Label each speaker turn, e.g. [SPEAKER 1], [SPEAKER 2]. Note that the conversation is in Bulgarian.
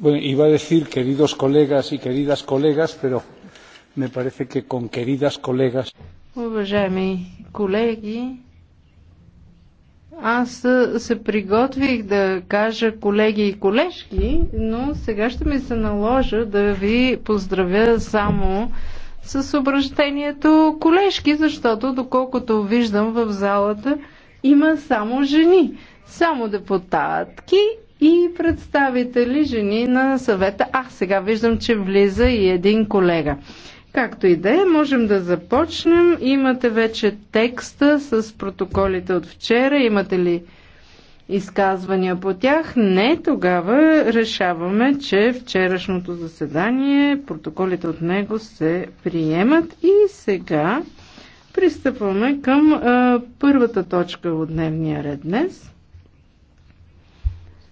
[SPEAKER 1] Bueno, iba a decir queridos colegas y queridas colegas, pero me parece que con queridas colegas.
[SPEAKER 2] Уважаеми колеги, аз се приготвих да кажа колеги и колежки, но сега ще ми се наложа да ви поздравя само с обращението колежки, защото доколкото виждам в залата има само жени, само депутатки и представители жени на съвета. А, сега виждам, че влиза и един колега. Както и да е, можем да започнем. Имате вече текста с протоколите от вчера. Имате ли изказвания по тях? Не, тогава решаваме, че вчерашното заседание, протоколите от него се приемат. И сега пристъпваме към а, първата точка от дневния ред днес –